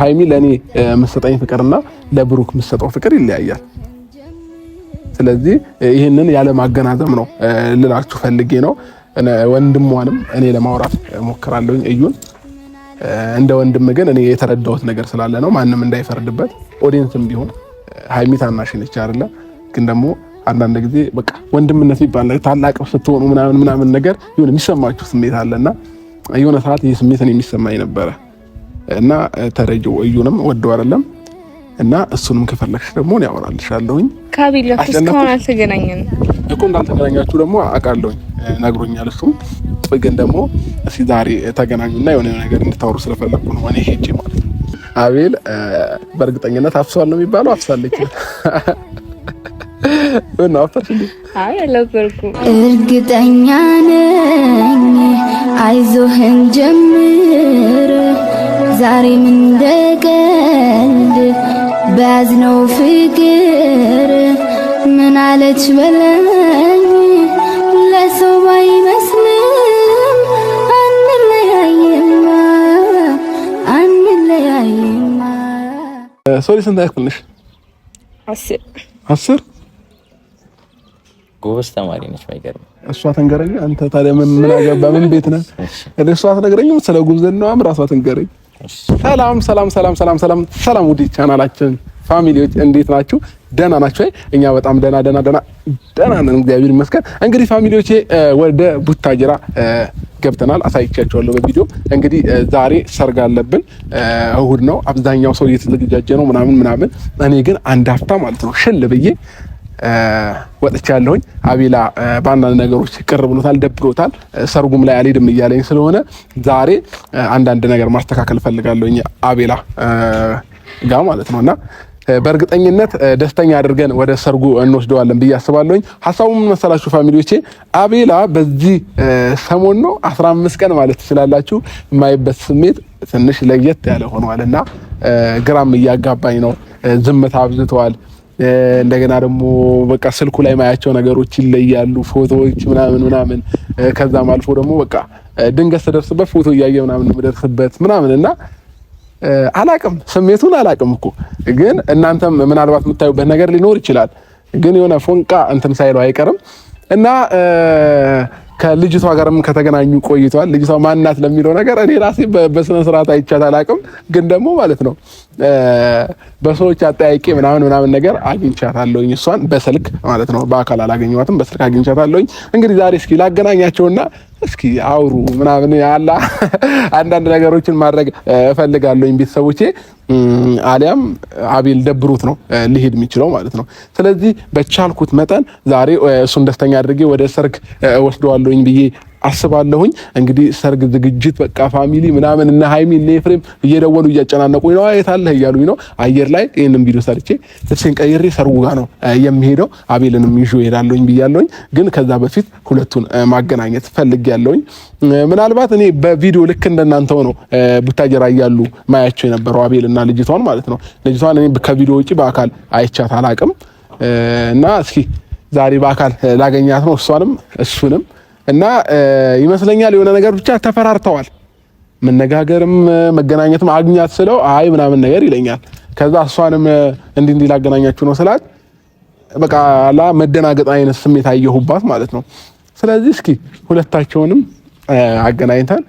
ሀይሚ ለእኔ መሰጠኝ ፍቅርና ለብሩክ የምሰጠው ፍቅር ይለያያል። ስለዚህ ይህንን ያለ ማገናዘብ ነው ልላችሁ ፈልጌ ነው። ወንድሟንም እኔ ለማውራት ሞክራለሁኝ እዩን እንደ ወንድም ግን እኔ የተረዳሁት ነገር ስላለ ነው፣ ማንም እንዳይፈርድበት። ኦዲየንስም ቢሆን ሀይሚ ታናሽ ነች አይደለ? ግን ደግሞ አንዳንድ ጊዜ በቃ ወንድምነት ይባላል ታላቅ ስትሆኑ ምናምን ምናምን ነገር ይሁን የሚሰማችሁ ስሜት አለና የሆነ ሰዓት ይህ እኔ የሚሰማኝ ነበረ። እና ተረጂ እዩንም ወደው አይደለም እና እሱንም ከፈለግሽ ደግሞ እኔ አወራልሻለሁኝ። ከአቤል ጋር እስካሁን አልተገናኘንም እኮ እንዳልተገናኛችሁ ደግሞ አውቃለሁኝ፣ ነግሮኛል እሱ። ግን ደግሞ እስኪ ዛሬ ተገናኙና የሆነ ነገር እንድታወሩ ስለፈለግኩ ነው እኔ ሄጄ ማለት ነው። አቤል በእርግጠኝነት አፍሷል ነው የሚባለው፣ አፍሳለች እርግጠኛ ነኝ አይዞህን ጀምር ዛሬም እንደ ቀልድ በያዝነው ፍቅር ምን አለች በለኝ ለሰው ባይመስልም አንለያይማ አንለያይማ ሶሪ ስንት ያክል አስር አስር ጎበዝ ተማሪ ነች። ማይገርም እሷ ተንገረኝ። አንተ ታዲያ ምን ምን አገባ? ምን ቤት ነህ? እኔ እሷ ትነግረኝ ስለ ጉብዝናዋም ራሷ ትንገረኝ። ሰላም ሰላም ሰላም ሰላም ሰላም ሰላም፣ ውድ ቻናላችን ፋሚሊዎች እንዴት ናችሁ? ደህና ናችሁ? እኛ በጣም ደህና ደህና ደህና ደህና ነን፣ እግዚአብሔር ይመስገን። እንግዲህ ፋሚሊዎች ወደ ቡታጅራ ገብተናል፣ አሳይቻችኋለሁ በቪዲዮ እንግዲህ ዛሬ ሰርግ አለብን። እሁድ ነው፣ አብዛኛው ሰው እየተዘጋጀ ነው ምናምን ምናምን። እኔ ግን አንድ አፍታ ማለት ነው ሽል ብዬ ወጥቻለሁኝ። አቤላ በአንዳንድ ነገሮች ቅር ብሎታል፣ ደብሮታል። ሰርጉም ላይ አልሄድም እያለኝ ስለሆነ ዛሬ አንዳንድ ነገር ማስተካከል እፈልጋለሁኝ አቤላ ጋ ማለት ነው እና በእርግጠኝነት ደስተኛ አድርገን ወደ ሰርጉ እንወስደዋለን ብዬ አስባለሁኝ። ሀሳቡ ምን መሰላችሁ ፋሚሊዎቼ? አቤላ በዚህ ሰሞን ነው አምስት ቀን ማለት ትችላላችሁ የማይበት ስሜት ትንሽ ለየት ያለ እና ግራም እያጋባኝ ነው። ዝምታ አብዝተዋል። እንደገና ደግሞ በቃ ስልኩ ላይ ማያቸው ነገሮች ይለያሉ፣ ፎቶዎች ምናምን ምናምን። ከዛም አልፎ ደግሞ በቃ ድንገት ስደርስበት ፎቶ እያየ ምናምን የምደርስበት ምናምን እና አላቅም፣ ስሜቱን አላቅም እኮ ግን እናንተም ምናልባት የምታዩበት ነገር ሊኖር ይችላል። ግን የሆነ ፎንቃ እንትን ሳይለው አይቀርም እና ከልጅቷ ጋርም ከተገናኙ ቆይቷል። ልጅቷ ማናት ለሚለው ነገር እኔ ራሴ በስነ ስርዓት አይቻት አላቅም፣ ግን ደግሞ ማለት ነው በሰዎች አጠያቂ ምናምን ምናምን ነገር አግኝቻታለሁኝ። እሷን በስልክ ማለት ነው፣ በአካል አላገኘኋትም። በስልክ አግኝቻታለሁኝ። እንግዲህ ዛሬ እስኪ ላገናኛቸውና እስኪ አውሩ ምናምን ያላ አንዳንድ ነገሮችን ማድረግ እፈልጋለሁኝ። ቤተሰቦቼ አሊያም አቤል ደብሩት ነው ሊሄድ የሚችለው ማለት ነው። ስለዚህ በቻልኩት መጠን ዛሬ እሱን ደስተኛ አድርጌ ወደ ሰርግ ወስደዋለሁኝ ብዬ አስባለሁኝ። እንግዲህ ሰርግ ዝግጅት በቃ ፋሚሊ ምናምን እና ሀይሚ እና ኤፍሬም እየደወሉ እያጨናነቁኝ ነው፣ የት አለህ እያሉኝ ነው። አየር ላይ ይህንም ቪዲዮ ሰርቼ ልብሴን ቀይሬ ሰርጉ ጋር ነው የሚሄደው። አቤልንም ይዤ እሄዳለሁኝ ብያለሁኝ። ግን ከዛ በፊት ሁለቱን ማገናኘት ፈልጌያለሁኝ። ምናልባት እኔ በቪዲዮ ልክ እንደናንተው ነው ቡታጀራ እያሉ ማያቸው የነበረው አቤል እና ልጅቷን ማለት ነው። ልጅቷን እኔ ከቪዲዮ ውጭ በአካል አይቻት አላቅም እና እስኪ ዛሬ በአካል ላገኛት ነው እሷንም እሱንም እና ይመስለኛል የሆነ ነገር ብቻ ተፈራርተዋል። መነጋገርም መገናኘትም አግኛት ስለው አይ ምናምን ነገር ይለኛል። ከዛ እሷንም እንዲህ እንዲህ ላገናኛችሁ ነው ስላት በቃ ላ መደናገጥ አይነት ስሜት አየሁባት ማለት ነው። ስለዚህ እስኪ ሁለታቸውንም አገናኝተን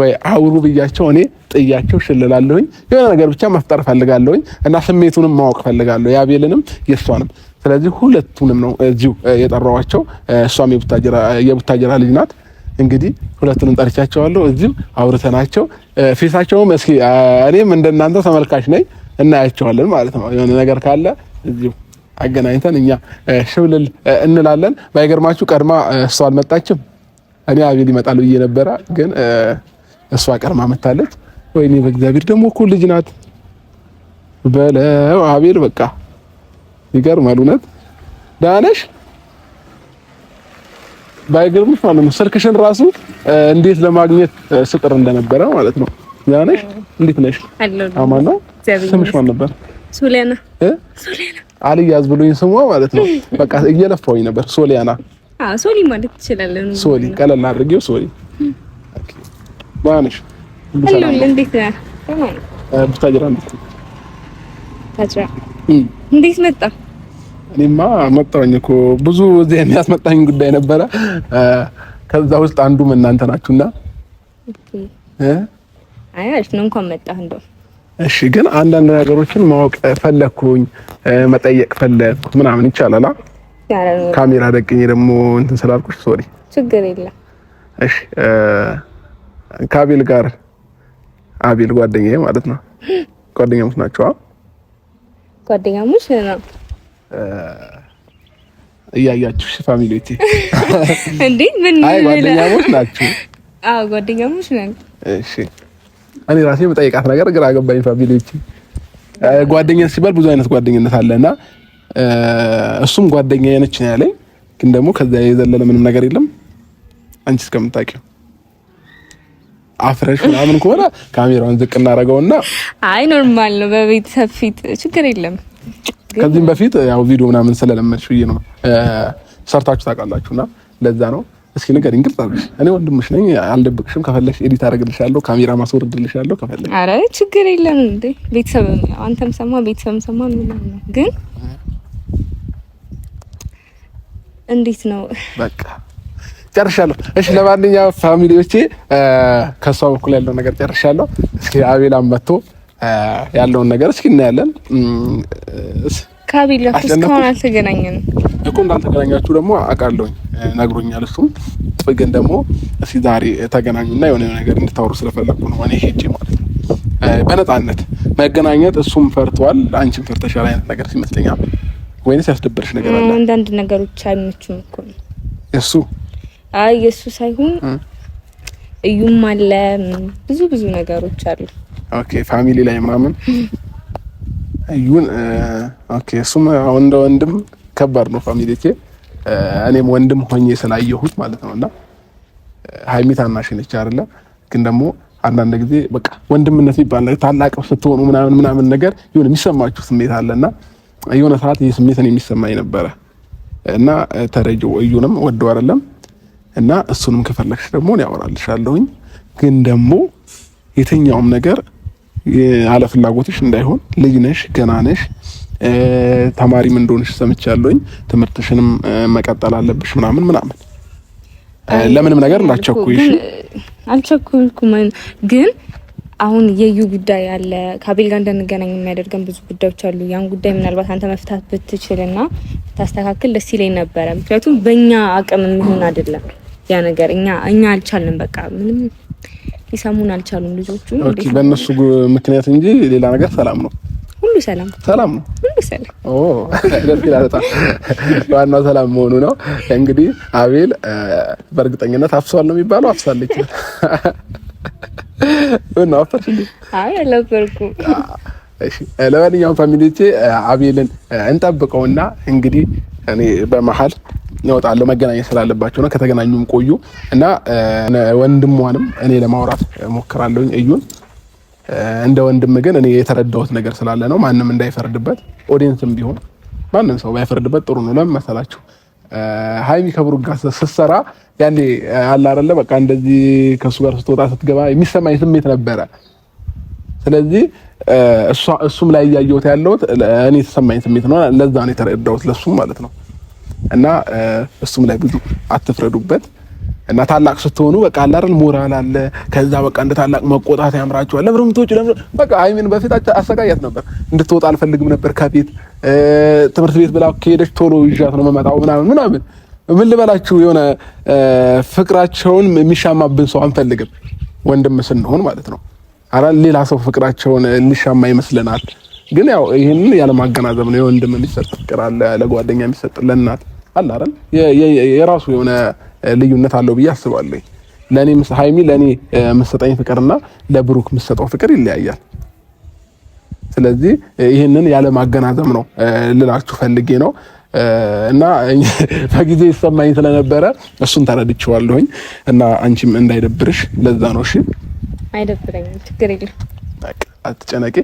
ወይ አውሩ ብያቸው እኔ ጥያቸው ሽልላለሁኝ። የሆነ ነገር ብቻ መፍጠር ፈልጋለሁኝ እና ስሜቱንም ማወቅ ፈልጋለሁ የአቤልንም የእሷንም ስለዚህ ሁለቱንም ነው እዚሁ የጠራዋቸው። እሷም የቡታጀራ ልጅ ናት። እንግዲህ ሁለቱንም ጠርቻቸዋለሁ። እዚሁ አውርተናቸው ፊታቸውም እስኪ እኔም እንደናንተ ተመልካች ነኝ እናያቸዋለን ማለት ነው። የሆነ ነገር ካለ እዚሁ አገናኝተን እኛ ሽብልል እንላለን። ባይገርማችሁ ቀድማ እሷ አልመጣችም። እኔ አቤል ይመጣል ብዬ ነበረ፣ ግን እሷ ቀድማ መታለች። ወይኔ በእግዚአብሔር ደግሞ እኮ ልጅ ናት በለው አቤል በቃ ይገርማል። እውነት ደህና ነሽ? ባይገርምሽ ማለት ነው ስልክሽን ራሱ እንዴት ለማግኘት ስጥር እንደነበረ ማለት ነው። ደህና ነሽ? እንዴት ነሽ? አማን ነው። ስምሽ ማን ነበር? ሶሊያና እ ሶሊያና አልያዝ ብሎኝ ስሟ ማለት ነው። በቃ እየለፋሁኝ ነበር። ሶሊያና አዎ፣ ሶሊ ማለት ትችላለን። ሶሊ ቀለል አድርጌው ሶሊ። ኦኬ፣ ደህና ነሽ? እንዴት ነህ? ቡታጅራ እንዴት መጣ? እኔማ መጣሁኝ እኮ ብዙ እዚህ የሚያስመጣኝ ጉዳይ ነበረ። ከዛ ውስጥ አንዱም እናንተ ናችሁና አይ አሪፍ እንኳን መጣህ። እንደው እሺ፣ ግን አንዳንድ ነገሮችን ማወቅ ፈለግኩኝ፣ መጠየቅ ፈለግኩ ምናምን ይቻላል። ካሜራ ደቅኝ ደግሞ እንትን ስላልኩሽ ሶሪ፣ ችግር የለም። እሺ፣ ከአቤል ጋር አቤል ጓደኛዬ ማለት ነው ጓደኛሞች ናቸው። ጓደኛሞች ነው እያያችሁ ፋሚሊዎቼ እንዴ ምን ጓደኛሞች ናችሁ? አዎ ጓደኛሞች ነን። እሺ እኔ ራሴ መጠየቃት ነገር ግራ ገባኝ። ፋሚሊዎቼ ጓደኛ ሲባል ብዙ አይነት ጓደኝነት አለ እና እሱም ጓደኛ የነች ነው ያለኝ። ግን ደግሞ ከዛ የዘለለ ምንም ነገር የለም። አንቺ እስከምታውቂው አፍረሽ ምናምን ከሆነ ካሜራውን ዝቅ እናደርገውና አይ ኖርማል ነው። በቤተሰብ ፊት ችግር የለም። ከዚህም በፊት ያው ቪዲዮ ምናምን ስለለመድሽ ብዬ ነው ሰርታችሁ ታውቃላችሁና ለዛ ነው። እስኪ ንገሪኝ፣ ግልጽ አድርገሽ። እኔ ወንድምሽ ነኝ አልደብቅሽም። ከፈለግሽ ኤዲት አደርግልሻለሁ፣ ካሜራ ማስወርድልሻለሁ። ከፈለግሽ ኧረ ችግር የለም እንዴ ቤተሰብ አንተም ሰማ ቤተሰብም ሰማ ነው። ግን እንዴት ነው በቃ ጨርሻለሁ። እሺ ለማንኛውም ፋሚሊዎቼ ከእሷ በኩል ያለው ነገር ጨርሻለሁ። እስኪ አቤላም መጥቶ ያለውን ነገር እስኪ እናያለን። ከአቤል ጋር እስካሁን አልተገናኘንም እኮ እንዳልተገናኛችሁ ደግሞ አውቃለሁኝ፣ ነግሮኛል። እሱም ግን ደግሞ እስኪ ዛሬ ተገናኙና የሆነ ነገር እንድታወሩ ስለፈለግኩ ነው እኔ ሄጄ ማለት ነው በነፃነት መገናኘት። እሱም ፈርቷል፣ አንቺም ፈርተሻል አይነት ነገር ይመስለኛል። ወይንስ ያስደበረሽ ነገር አለ? አንዳንድ ነገሮች አይመችም እኮ ነው እሱ። አይ እሱ ሳይሆን እዩም አለ ብዙ ብዙ ነገሮች አሉ ኦኬ ፋሚሊ ላይ ምናምን እዩን ኦኬ። እሱም አሁን እንደ ወንድም ከባድ ነው ፋሚሊ ቼ እኔም ወንድም ሆኜ ስላየሁት ማለት ነው። እና ሀይሚ ታናሽ ነች አይደለ? ግን ደግሞ አንዳንድ ጊዜ በቃ ወንድምነት ይባል ነገር ታላቅ ስትሆኑ ምናምን ምናምን ነገር የሆነ የሚሰማችሁ ስሜት አለና የሆነ ሰዓት ይህ ስሜት እኔ የሚሰማኝ ነበረ እና ተረጅው እዩንም ወደው አይደለም እና እሱንም ከፈለግሽ ደግሞ ያወራልሻለሁኝ። ግን ደግሞ የትኛውም ነገር አለፍላጎትሽ እንዳይሆን ልጅ ነሽ፣ ገና ነሽ፣ ተማሪም እንደሆንሽ ሰምቻለሁኝ። ትምህርትሽንም መቀጠል አለብሽ ምናምን ምናምን ለምንም ነገር እንዳትቸኩይሽ። አልቸኩልኩም፣ ግን አሁን የዩ ጉዳይ አለ። ከአቤል ጋር እንደንገናኝ የሚያደርገን ብዙ ጉዳዮች አሉ። ያን ጉዳይ ምናልባት አንተ መፍታት ብትችልና ታስተካክል ደስ ይለኝ ነበረ። ምክንያቱም በእኛ አቅም የሚሆን አይደለም ያ ነገር። እኛ እኛ አልቻልንም። በቃ ምንም ሊሰሙን አልቻሉም ልጆቹ። ኦኬ በእነሱ ምክንያት እንጂ ሌላ ነገር ሰላም ነው። ሁሉ ሰላም ሰላም ነው። ሁሉ ሰላም ኦ ደስ ይላል። በጣም ዋናው ሰላም መሆኑ ነው። እንግዲህ አቤል በእርግጠኝነት አፍሷል ነው የሚባለው። አፍሳለች እና አፍሳለች እንዴ? አይ አልነበርኩም። እሺ ለማንኛውም ፋሚሊቲ አቤልን እንጠብቀውና እንግዲህ እኔ በመሀል እወጣለሁ መገናኘት ስላለባቸው ነው። ከተገናኙም ቆዩ እና ወንድሟንም እኔ ለማውራት ሞክራለሁኝ እዩን እንደ ወንድም ግን እኔ የተረዳሁት ነገር ስላለ ነው። ማንም እንዳይፈርድበት ኦዲየንስም ቢሆን ማንም ሰው ባይፈርድበት ጥሩ ነው። ለምን መሰላችሁ? ሀይሚ ከብሩ ጋር ስትሰራ ያኔ አለ አይደለ፣ በቃ እንደዚህ ከእሱ ጋር ስትወጣ ስትገባ የሚሰማኝ ስሜት ነበረ። ስለዚህ እሱም ላይ እያየሁት ያለሁት እኔ የተሰማኝ ስሜት ነው። ለዛ ነው የተረዳሁት ለሱም ማለት ነው። እና እሱም ላይ ብዙ አትፍረዱበት። እና ታላቅ ስትሆኑ በቃ አለ ሞራል አለ። ከዛ በቃ እንደ ታላቅ መቆጣት ያምራችኋል። ለብሩም ትወጪ ለምን በቃ አይሚን በፊት አሰቃያት ነበር። እንድትወጣ አልፈልግም ነበር ከቤት ትምህርት ቤት ብላ ከሄደች ቶሎ ይዣት ነው መመጣው ምናምን ምናምን። ምን ልበላችሁ የሆነ ፍቅራቸውን የሚሻማብን ሰው አንፈልግም፣ ወንድም ስንሆን ማለት ነው። አራ ሌላ ሰው ፍቅራቸውን እንሻማ ይመስለናል። ግን ያው ይህንን ያለማገናዘብ ነው። የወንድም የሚሰጥ ፍቅር አለ፣ ለጓደኛ የሚሰጥ ለእናት አለ አይደል? የራሱ የሆነ ልዩነት አለው ብዬ አስባለሁ። ለኔ ሀይሚ ለኔ የምትሰጠኝ ፍቅርና ለብሩክ የምሰጠው ፍቅር ይለያያል። ስለዚህ ይህንን ያለማገናዘብ ነው ልላችሁ ፈልጌ ነው። እና በጊዜ ይሰማኝ ስለነበረ እሱን ተረድቼዋለሁኝ። እና አንቺም እንዳይደብርሽ ለዛ ነው። እሺ አይደብረኝም፣ ችግር የለም፣ አትጨነቂ።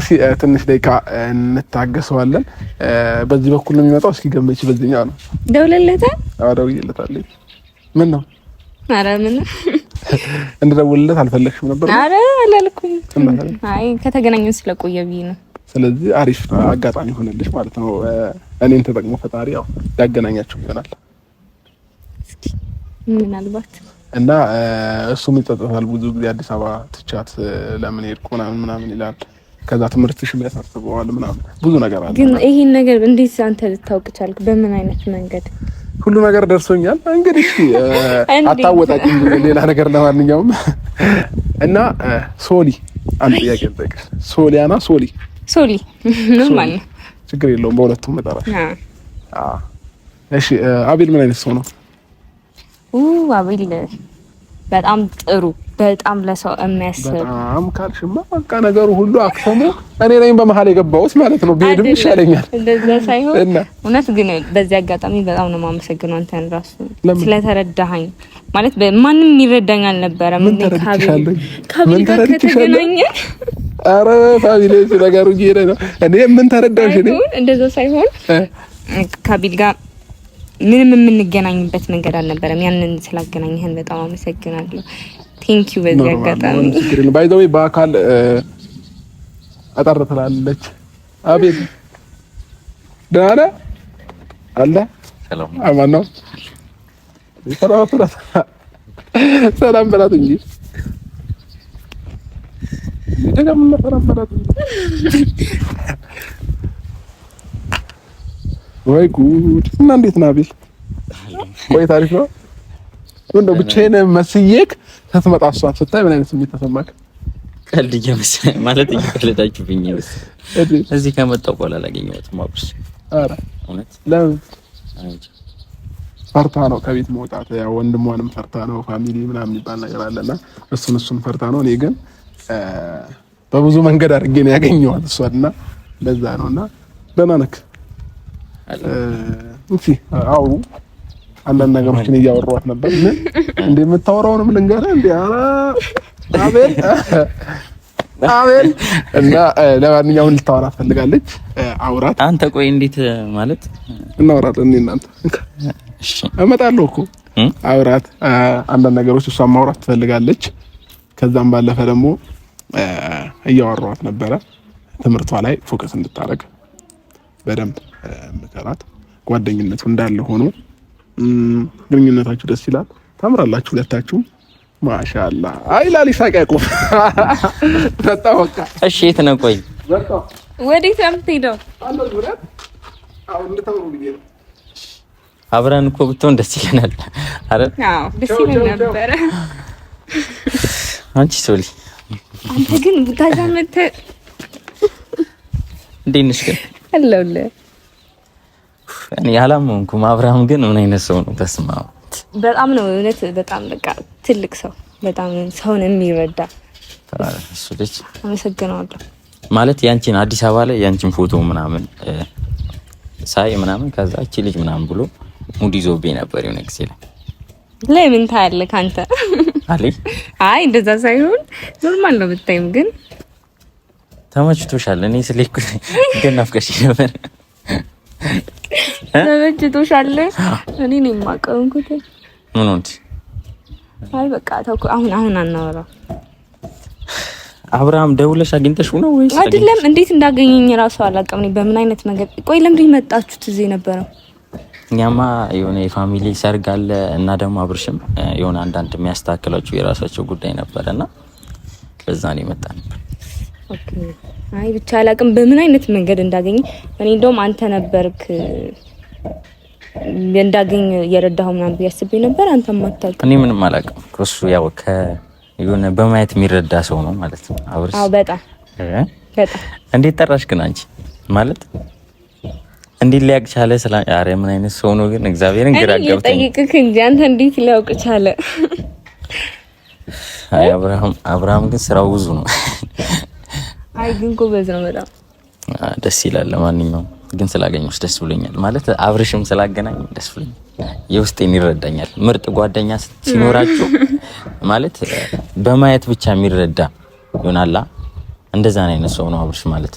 እስኪ ትንሽ ደቂቃ እንታገሰዋለን። በዚህ በኩል ነው የሚመጣው። እስኪ ገመች በዚህኛ ነው ደውለለታ። አዎ ምን ነው? አረ ምን እንደደውልለት አልፈለግሽም ነበር? አረ አላልኩም። አይ ከተገናኘን ስለቆየ ብዬ ነው። ስለዚህ አሪፍ አጋጣሚ ሆነልሽ ማለት ነው። እኔን ተጠቅሞ ፈጣሪ ያው ያገናኛችሁ ይሆናል። ምናልባት እና እሱም ይጸጸታል ብዙ ጊዜ አዲስ አበባ ትቻት ለምን ሄድኩ ምናምን ምናምን ይላል ከዛ ትምህርትሽ የሚያሳስበዋል ምናምን ብዙ ነገር አለ። ግን ይሄን ነገር እንዴት አንተ ልታውቅ ቻልክ? በምን አይነት መንገድ? ሁሉ ነገር ደርሶኛል እንግዲህ አታወጣቂ ሌላ ነገር። ለማንኛውም እና ሶሊ አንድ ጥያቄ ሶሊያና ሶሊ ሶሊ ኖርማል ነው፣ ችግር የለውም በሁለቱም መጠራሽ። እሺ አቤል ምን አይነት ሰው ነው? አቤል በጣም ጥሩ በጣም ለሰው የሚያስብ በጣም ካልሽማ በቃ ነገሩ ሁሉ አክሰሙ እኔ ነኝ በመሀል የገባሁት ማለት ነው። ብሄድም ይሻለኛል። እንደዛ ሳይሆን እውነት ግን በዚህ አጋጣሚ በጣም ነው የማመሰግነው አንተን ራሱ ስለተረዳኸኝ። ማለት ማንም ይረዳኝ አልነበረም። ምን ተረድቻለሁ ከብል ጋር አረ ፋሚሊ ነገሩ እየሄደ ነው። እኔ ምን ተረዳሽ? እንደዛ ሳይሆን ካቢል ጋር ምንም የምንገናኝበት መንገድ አልነበረም። ያንን ስላገናኝህን በጣም አመሰግናለሁ። ቴንክ ዩ። በዚህ አጋጣሚ ባይ ዘ ወይ በአካል አጠር ትላለች። አቤት ደህና ነህ አለ አማን ነው ሰላም በላት እንጂ ወይ ጉድ! እና እንዴት ነህ አቤል? ወይ ታሪፍ ነው እንደው ብቻዬን መስዬክ ስትመጣ እሷን ስታይ ምን አይነት ስሜት ተሰማክ? ቀልድ እየመሰለኝ ማለት እየቀለዳችሁብኝ ነው። እዚህ ከመጣሁ በኋላ አላገኘሁትም አብርሽ። ኧረ ለምን ፈርታ ነው ከቤት መውጣት? ያው ወንድሟንም ፈርታ ነው ፋሚሊ ምናምን የሚባል ነገር አለና እሱን እሱን ፈርታ ነው። እኔ ግን በብዙ መንገድ አድርጌ ነው ያገኘኋት እሷን እና ለዛ ነውና ደህና ነህ? አው አንዳንድ ነገሮችን እያወሯት ነበር። ምን እንደ የምታወራውንም ልንገርህ እንደ አቤል አቤል እና ለማንኛውም ልታወራ ፈልጋለች። አውራት አንተ። ቆይ እንዴት ማለት እናወራለን? እኔ እናንተ እመጣለሁ እኮ አውራት። አንዳንድ ነገሮች እሷን ማውራት ትፈልጋለች። ከዛም ባለፈ ደግሞ እያወራኋት ነበረ ትምህርቷ ላይ ፎከስ እንድታደርግ በደንብ ምከራት። ጓደኝነቱ እንዳለ ሆኖ ግንኙነታችሁ ደስ ይላል። ታምራላችሁ ሁለታችሁም። ማሻአላ አይ ላሊ ሳቀቁ በጣ ወቃ እሺ፣ የት ነው ቆይ፣ ወዴት ነው የምትሄደው? አብረን እኮ ብትሆን ደስ ይለናል። አረ አዎ ደስ ይለን ነበረ። አንቺ ሶሊ፣ አንተ ግን ቡታዛ መተ እንዴት ነሽ? ግን አለሁልህ እኔ አላመንኩም። አብርሃም ግን ምን አይነት ሰው ነው? በስማ በጣም ነው እውነት፣ በጣም በቃ ትልቅ ሰው፣ በጣም ሰውን የሚረዳ እሱ ልጅ። አመሰግናለሁ ማለት ያንቺን አዲስ አበባ ላይ ያንቺን ፎቶ ምናምን ሳይ ምናምን ከዛ እቺ ልጅ ምናምን ብሎ ሙድ ይዞቤ ነበር የሆነ ጊዜ ላይ ላይ ለምን ታያለህ አንተ? አይ እንደዛ ሳይሆን ኖርማል ነው ብታይም፣ ግን ተመችቶሻል። እኔ ስለኩ ግን ናፍቀሽ ነበር ተመችቶሻል? እኔ ነው የማውቀው። ምን እንጂ አይ በቃ ተውኩ። አሁን አሁን አናወራው። አብርሃም ደውለሽ አግኝተሽ ነው ወይስ አይደለም? እንዴት እንዳገኘኝ ራሱ አላውቅም። እኔ በምን አይነት መንገድ ቆይ፣ ለምንድን መጣችሁት እዚህ የነበረው? እኛማ የሆነ የፋሚሊ ሰርግ አለ እና ደግሞ አብርሽም የሆነ አንዳንድ የሚያስተካክላችሁ የራሳቸው ጉዳይ ነበረና በዛ ነው የመጣ አይ ብቻ አላቅም በምን አይነት መንገድ እንዳገኘ። እኔ እንደውም አንተ ነበርክ እንዳገኝ እየረዳሁ ምናምን ብዬ አስቤ ነበር። አንተ ማታውቅ እኔ ምንም አላቅም። እሱ ያው የሆነ በማየት የሚረዳ ሰው ነው ማለት ነው። አብርስ አዎ በጣም በጣም። እንዴት ጠራሽ ግን አንቺ ማለት እንዴት ሊያውቅ ቻለ? ስለ አረ ምን አይነት ሰው ነው ግን እግዚአብሔርን ግራ ገብቶኝ ጠይቅክ እንጂ አንተ እንዴት ሊያውቅ ቻለ? አይ አብርሃም አብርሃም ግን ስራው ብዙ ነው። አይ ግን ጎበዝ ነው በጣም ደስ ይላል። ለማንኛውም ግን ስላገኘሁሽ ደስ ብሎኛል። ማለት አብርሽም ስላገናኝ ደስ ብሎኛል። የውስጤን ይረዳኛል። ምርጥ ጓደኛ ሲኖራችሁ ማለት በማየት ብቻ የሚረዳ ይሆናላ። እንደዛን አይነት ሰው ነው አብርሽ ማለት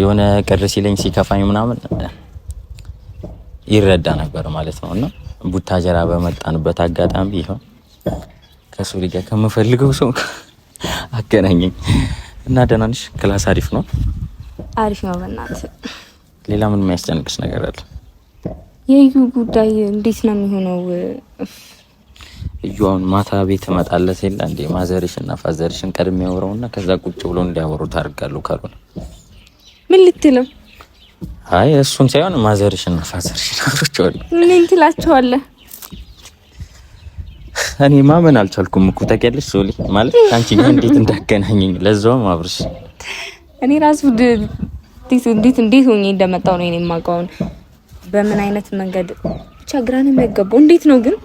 የሆነ ቅር ሲለኝ ሲከፋኝ ምናምን ይረዳ ነበር ማለት ነው። እና ቡታጀራ በመጣንበት አጋጣሚ ይሆን ከሱ ልጋ ከምፈልገው ሰው አገናኘኝ። እና ደህና ነሽ? ክላስ አሪፍ ነው? አሪፍ ነው። በእናትህ ሌላ ምን የሚያስጨንቅሽ ነገር አለ? የዩ ጉዳይ እንዴት ነው የሚሆነው? እዩ አሁን ማታ ቤት እመጣለሁ ሲል እንደ ማዘርሽ እና ፋዘርሽን ቀድሜ ያወራውና ከዛ ቁጭ ብሎ እንዲያወሩ ታደርጋለሁ። ካልሆነ ምን ልትልም? አይ እሱን ሳይሆን ማዘርሽ እና ፋዘርሽን አውርቼዋለሁ። ምን ትላቸዋለህ? እኔ ማመን አልቻልኩም እኮ ታውቂያለሽ፣ ሶሊ ማለት አንቺ ጋር እንዴት እንዳገናኘኝ ለዛውም አብርሽ እኔ ራሱ እንዴት እንዴት ሆኜ እንደመጣው ነው እኔ የማውቀውን በምን አይነት መንገድ ብቻ ግራ ነው የሚያገባው። እንዴት ነው ግን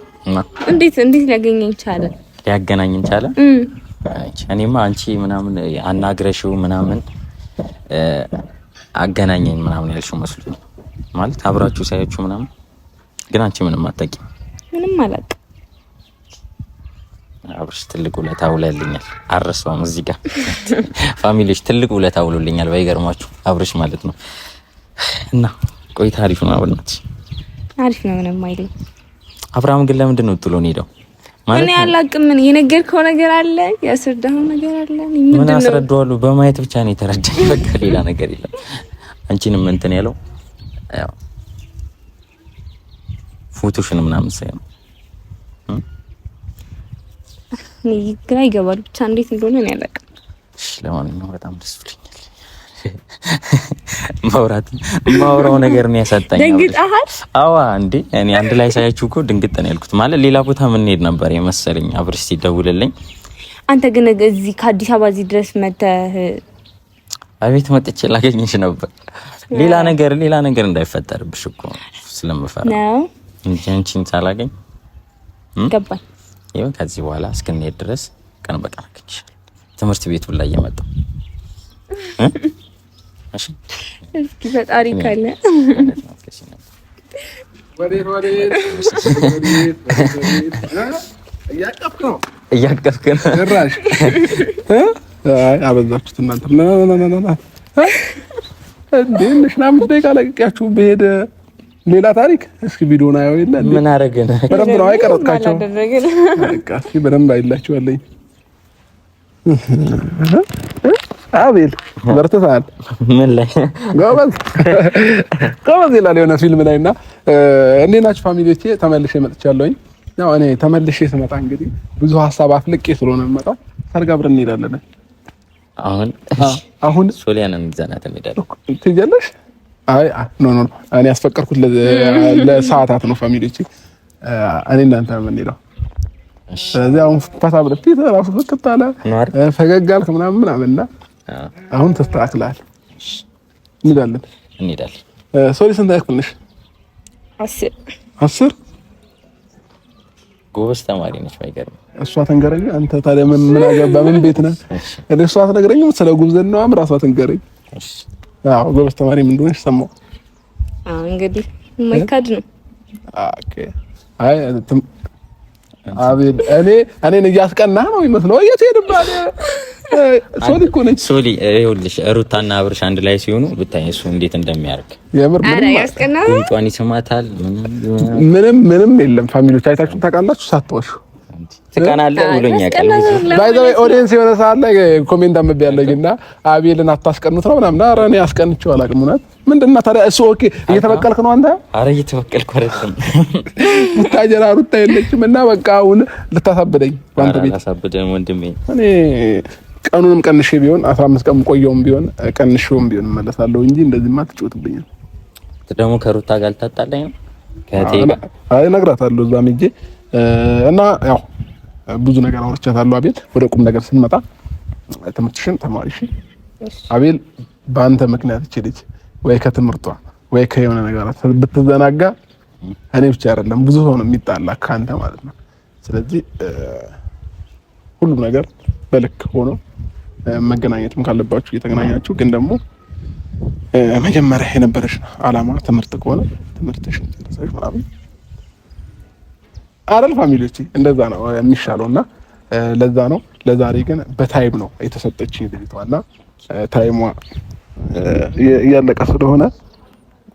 እንዴት እንዴት ሊያገኘኝ ቻለ? ሊያገናኘኝ ቻለ? እኔማ አንቺ ምናምን አናግረሽው ምናምን አገናኘኝ ምናምን ያልሽው መስሎኝ ማለት አብራችሁ ሳያችሁ ምናምን፣ ግን አንቺ ምንም አታውቂም። ምንም አላውቅም አብርሽ ትልቅ ውለታ ውለልኛል። አረሰውም እዚህ ጋር ፋሚሊዎች ትልቅ ውለታ ውሎልኛል። ባይገርማችሁ አብርሽ ማለት ነው። እና ቆይታ አሪፍ ነው። አብርናት አሪፍ ነው። ምንም አይልም። አብርሃም ግን ለምንድን ነው ጥሎን ሄደው? እኔ አላቅም። ምን የነገርከው ነገር አለ? ያስረዳኸው ነገር አለ? ምን አስረዳዋለሁ? በማየት ብቻ ነው የተረዳኝ። በቃ ሌላ ነገር የለም። አንቺንም እንትን ያለው ያው ፎቶሽን ምናምን ሳይ ነው ግራ ይገባል። ብቻ እንዴት እንደሆነ እኔ አላውቅም። ለማንኛውም በጣም ደስ ብሎኛል። ማውራት ማውራው ነገር ነው ያሳጣኝ። ደንግጣሃል? አዋ እንዴ እኔ አንድ ላይ ሳያችሁ እኮ ድንግጥ ነው ያልኩት። ማለት ሌላ ቦታ ምን ሄድ ነበር የመሰለኝ። አብርስቲ ደውልልኝ። አንተ ግን እዚህ ከአዲስ አበባ እዚህ ድረስ መተህ አቤት መጥቼ ላገኝሽ ነበር። ሌላ ነገር ሌላ ነገር እንዳይፈጠርብሽ እኮ ስለምፈራ ነው እንጂ አንቺን ሳላገኝ ገባኝ። ይሄን ከዚህ በኋላ እስክንሄድ ድረስ ቀን በቀን አግኝሻለሁ። ትምህርት ቤቱ ላይ የመጣው እስኪ ፈጣሪ ካለ እያቀፍክ ነው አበዛችሁት እናንተ። ምናምን ደቂቃ ለቅቄያችሁ በሄደ ሌላ ታሪክ። እስኪ ቪዲዮ ነው ያው የለ ምን አረገን በደንብ ነው አይቀረጥካቸው በቃ እስኪ በደንብ አይላችኋለኝ። አቤል በርትተሃል። ምን ላይ ጎበዝ ጎበዝ ይላል የሆነ ፊልም ላይ እና እንዴት ናችሁ ፋሚሊዎቼ? ተመልሼ መጥቻለሁኝ። ያው እኔ ተመልሼ ስመጣ እንግዲህ ብዙ ሀሳብ አፍልቄ ስለሆነ የምመጣው ሰርግ አብረን እንሄዳለን። አሁን አሁን ሶሊያና ምዛና ተመዳለሁ ትይዣለሽ አይ ኖ ኖ እኔ ያስፈቀድኩት ለሰዓታት ነው። ፋሚሊ ፋሚሊዎቼ እኔ እናንተ የምንሄደው ስለዚህ አሁን ፈታ ብለህ እራሱ ፍክት አለ ፈገግ አልክ ምናምን ምናምን እና አሁን ተስተካክለሃል። እንሄዳለን እንሄዳለን። ሶሪ ስንት ያክል አስር አስር ጎበዝ ተማሪ ነች። ማይገርም እሷ ተንገረኝ። አንተ ታዲያ ምን ምን አገባ? ምን ቤት ነህ? እሷ ትነግረኝም ስለ ጉብዝናዋም እራሷ ተንገረኝ አዎ ጎበዝ ተማሪም እንደሆነሽ ሰማሁ። አዎ እንግዲህ የማይካድ ነው። ኦኬ አይ አቤል እኔ እኔን እያስቀና ነው ይመስለው ሶሊ እኮ ነች። ሶሊ ይኸውልሽ፣ ሩታና አብርሽ አንድ ላይ ሲሆኑ ብታይ እሱ እንዴት እንደሚያርግ የምር ምንም ይስማታል። ምንም ምንም የለም። ፋሚሊዎች አይታችሁ ታውቃላችሁ ሳትዋሹ ትቀናለህ ብሎኝ ያውቃል። ባይዘው ኦዲየንስ የሆነ ሰዓት ላይ ኮሜንት አምብ ያለኝና አቤልን አታስቀኑት ነው ምናምን። ኧረ እኔ አስቀንቼው አላውቅም። እውነት ምንድን ነው ታዲያ? እሱ ኦኬ፣ እየተበቀልክ ነው አንተ። ኧረ እየተበቀልኩ አይደለም። ቡታጀራ ሩታ የለችም እና በቃ አሁን ልታሳብደኝ ባንተ ቤት አሳብደኝ ወንድሜ። እኔ ቀኑንም ቀንሼ ቢሆን 15 ቀን ቆየውም ቢሆን ቀንሼውም ቢሆን እመለሳለሁ እንጂ እንደዚህማ ትጮትብኛል። ደግሞ ከሩታ ጋር ልታጣላኝ ነው። ከቴ አይ እነግራታለሁ እዛም ሂጅ እና ያው ብዙ ነገር አውርቻታለሁ። አቤል ወደ ቁም ነገር ስንመጣ ትምህርትሽን ተማሪ አቤል በአንተ ምክንያት እቺ ልጅ ወይ ከትምህርቷ ወይ ከየሆነ ነገር ብትዘናጋ እኔ ብቻ አይደለም ብዙ ሰው ነው የሚጣላ ከአንተ ማለት ነው። ስለዚህ ሁሉም ነገር በልክ ሆኖ መገናኘትም ካለባችሁ እየተገናኛችሁ ግን ደግሞ መጀመሪያ የነበረሽ ዓላማ ትምህርት ከሆነ ትምህርትሽን ጨርሰሽ ምናምን አረል ፋሚሊዎች እንደዛ ነው የሚሻለው እና ለዛ ነው ለዛሬ ግን በታይም ነው የተሰጠች ልጅቷ እና ታይሟ እያለቀ ስለሆነ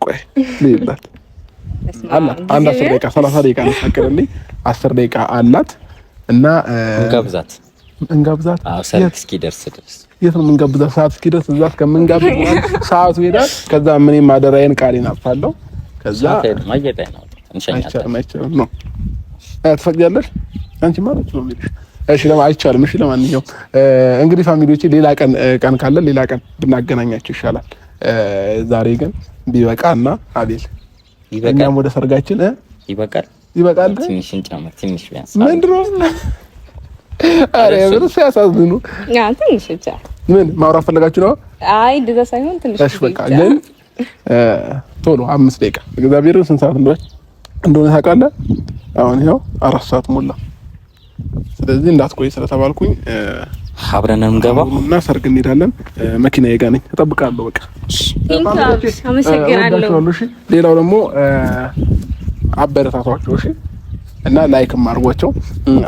ቆይ ልይላት አላት። አንድ አስር ደቂቃ ሰላሳ ደቂቃ ነሳክርልኝ አስር ደቂቃ አላት እና እንጋብዛት እንጋብዛት ሰዓት እስኪደርስ ድረስ የት ነው የምንጋብዛት? ሰዓት እስኪደርስ እዛ እስከምንጋብዝ ሰዓቱ ይሄዳል። ከዛ እኔም አደራዬን ቃሌን አጥፋለሁ። ከዛ ማየጠ ነው እንሸኛለን ነው ትፈቅጃለሽ? አንቺ ማለት ነው የሚልሽ እሺ ለማ አይቻልም። እሺ ለማንኛውም እንግዲህ ፋሚሊዎች ሌላ ቀን ቀን ካለ ሌላ ቀን ብናገናኛቸው ይሻላል። ዛሬ ግን ቢበቃ እና አቤል እኛም ወደ ሰርጋችን ይበቃል ይበቃል። ትንሽ እንጨምር፣ ትንሽ ቢያንስ ምንድን ነው? አረ ብር ሲያሳዝኑ ትንሽ ብቻ ምን ማውራት ፈለጋችሁ ነው? አይ እንደዛ ሳይሆን ትንሽ። እሺ በቃ ግን ቶሎ አምስት ደቂቃ እግዚአብሔርን ስንት ሰዓት እንደሆነ እንደሆነ ታውቃለህ። አሁን ይኸው አራት ሰዓት ሞላ። ስለዚህ እንዳትቆይ ስለተባልኩኝ አብረን እንገባው እና ሰርግ እንሄዳለን። መኪና ጋር ነኝ፣ እጠብቃለሁ። በቃ አመሰግናለሁ። ሌላው ደግሞ አበረታቷቸው እሺ፣ እና ላይክም አድርጓቸው።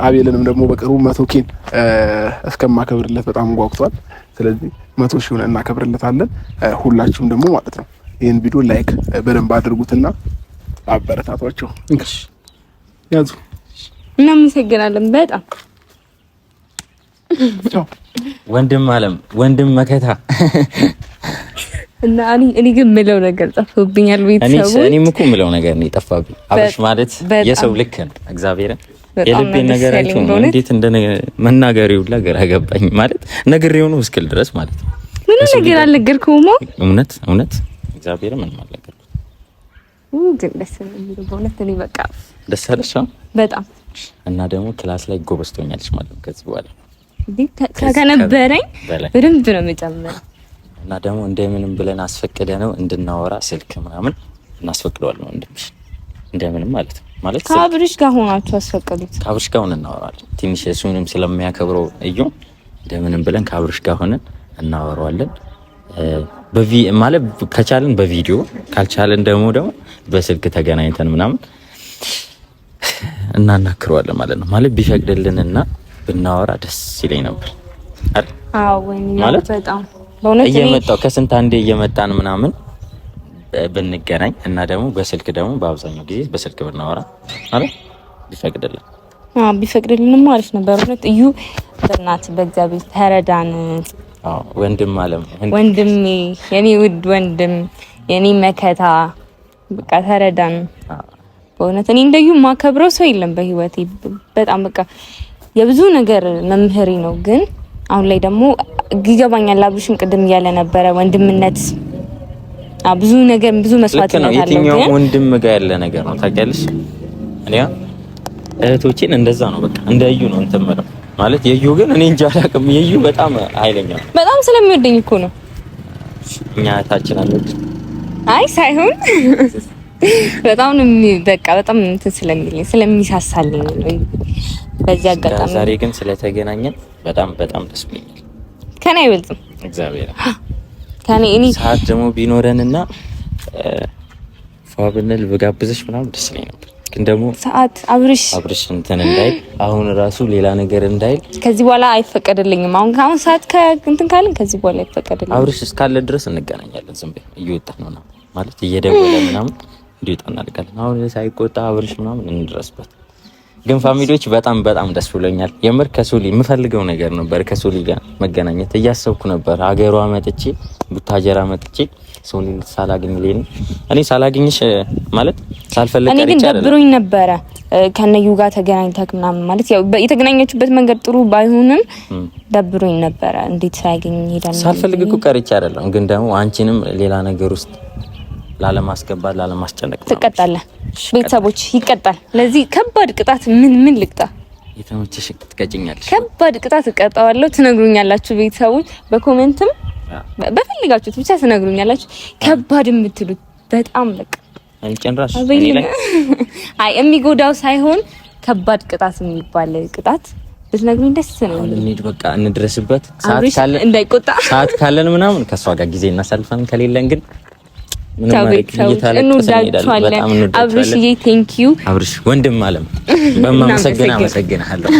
አቤልንም ደግሞ በቅርቡ መቶ ኬን እስከማከብርለት በጣም ጓጉቷል። ስለዚህ መቶ ሺህ ከብርለት እናከብርለታለን። ሁላችሁም ደግሞ ማለት ነው ይህን ቪዲዮ ላይክ በደንብ አድርጉትና አበረታቷቸው። ያዙ። እናመሰግናለን በጣም ወንድም አለም ወንድም መከታ እና እኔ ግን ምለው ነገር ጠፍቶብኛል። ቤተሰቡ እኔም እኮ ምለው ነገር ነው የጠፋብኝ። አብርሽ ማለት የሰው ልክ ነው። እግዚአብሔርን የልቤን ነገር አይቶ እንዴት እንደ ማለት ነገር የሆነው እስክል ድረስ ማለት ምንም ነገር አልነገርኩም። እውነት እውነት እግዚአብሔርን ምንም አልነገርኩም። ግን ደስ የሚለው በእውነት እኔ በቃ ደስ አለሽ በጣም እና ደግሞ ክላስ ላይ ጎበዝ ትሆኛለሽ ማለት ነው ከዚህ በኋላ ከነበረኝ በደንብ ነው እና ደግሞ እንደምንም ብለን አስፈቅደ ነው እንድናወራ ስልክ ምናምን እናስፈቅደዋል ነው ወንድምሽ እንደምንም ማለት ነው ማለት ከአብርሽ ጋር ሆናችሁ አስፈቅዱት ከአብርሽ ጋር ሆነን እናወራለን ትንሽ እሱንም ስለሚያከብረው እዩ እንደምንም ብለን ከአብርሽ ጋር ሆነን እናወራዋለን ማለት ከቻልን በቪዲዮ ካልቻልን ደግሞ ደግሞ በስልክ ተገናኝተን ምናምን እናናክረዋለን ማለት ነው። ማለት ቢፈቅድልንና ብናወራ ደስ ይለኝ ነበር። እየመጣው ከስንት አንዴ እየመጣን ምናምን ብንገናኝ እና ደግሞ በስልክ ደግሞ በአብዛኛው ጊዜ በስልክ ብናወራ ማለት ቢፈቅድልን ቢፈቅድልንም አሪፍ ነበር። እዩ፣ በእናትህ በእግዚአብሔር ተረዳን። ወንድም አለም ወንድሜ፣ የኔ ውድ ወንድም፣ የኔ መከታ፣ በቃ ተረዳን። በእውነት እኔ እንደዩ ማከብረው ሰው የለም በህይወቴ። በጣም በቃ የብዙ ነገር መምህሪ ነው። ግን አሁን ላይ ደግሞ ይገባኛል። አብርሽም ቅድም እያለ ነበረ ወንድምነት ብዙ ነገር ብዙ መስዋዕት ነው። የትኛው ወንድም ጋር ያለ ነገር ነው ታውቂያለሽ? እኔ እህቶቼን እንደዛ ነው በቃ እንደዩ ነው እንትን የምለው ማለት የዩ ግን እኔ እንጃ አላውቅም። የዩ በጣም ኃይለኛ በጣም ስለሚወደኝ እኮ ነው። እኛ ታችን አለች። አይ ሳይሆን በጣም ነው በቃ በጣም እንትን ስለሚልኝ ስለሚሳሳልኝ ነው። በዚህ አጋጣሚ ዛሬ ግን ስለተገናኘን በጣም በጣም ደስ ብሎኛል። ከኔ አይበልጥም እግዚአብሔር ከኔ እኔ ሰዓት ደግሞ ቢኖረንና ፏ ብንል ብጋብዘሽ ምናምን ደስ ይለኝ ነበር። ግን ደግሞ ሰዓት አብርሽ አብርሽ እንትን እንዳይል አሁን ራሱ ሌላ ነገር እንዳይል ከዚህ በኋላ አይፈቀድልኝም። አሁን አሁን ሰዓት እንትን ካልን ከዚህ በኋላ አይፈቀድልኝም። አብርሽ እስካለ ድረስ እንገናኛለን። ዝም ብለህ እየወጣ ነው ማለት እየደወለ ምናምን እንዲወጣ እናልቃለን። አሁን ሳይቆጣ አብርሽ ምናምን እንድረስበት ግን ፋሚሊዎች በጣም በጣም ደስ ብሎኛል። የምር ከሶሊ የምፈልገው ነገር ነበር፣ ከሱሊ ጋር መገናኘት እያሰብኩ ነበር። ሀገሯ መጥቼ ቡታጀራ መጥቼ ሶሊ ሳላገኝ ሌ እኔ ሳላገኝሽ ማለት ሳልፈልግ እኔ ግን ደብሮኝ ነበረ። ከነዩ ጋር ተገናኝተክ ምናምን ማለት ያው የተገናኘችበት መንገድ ጥሩ ባይሆንም ደብሮኝ ነበረ። እንዴት ሳያገኝ ይሄዳል? ሳልፈልግ እኮ ቀርቼ አይደለም፣ ግን ደግሞ አንቺንም ሌላ ነገር ውስጥ ላለማስገባት ላለማስጨነቅ ትቀጣለህ። ቤተሰቦች ይቀጣል። ለዚህ ከባድ ቅጣት ምን ምን ልቅጣ? የተመቸሽ ትቀጭኛለሽ። ከባድ ቅጣት እቀጣዋለሁ። ትነግሩኛላችሁ ቤተሰቦች፣ በኮሜንትም በፈልጋችሁት ብቻ ትነግሩኛላችሁ። ከባድ የምትሉት በጣም ልቅ አይ የሚጎዳው ሳይሆን ከባድ ቅጣት የሚባል ቅጣት ብትነግሩኝ ደስ ነው። እንሂድ በቃ እንድረስበት። ሰዓት ካለን እንዳይቆጣ፣ ሰዓት ካለን ምናምን ከእሷ ጋር ጊዜ እናሳልፈን፣ ከሌለን ግን እንወዳችኋለን። አብርሽዬ ቴንኪዩ። አብርሽ ወንድም አለም በማመሰግን አመሰግናለሁ።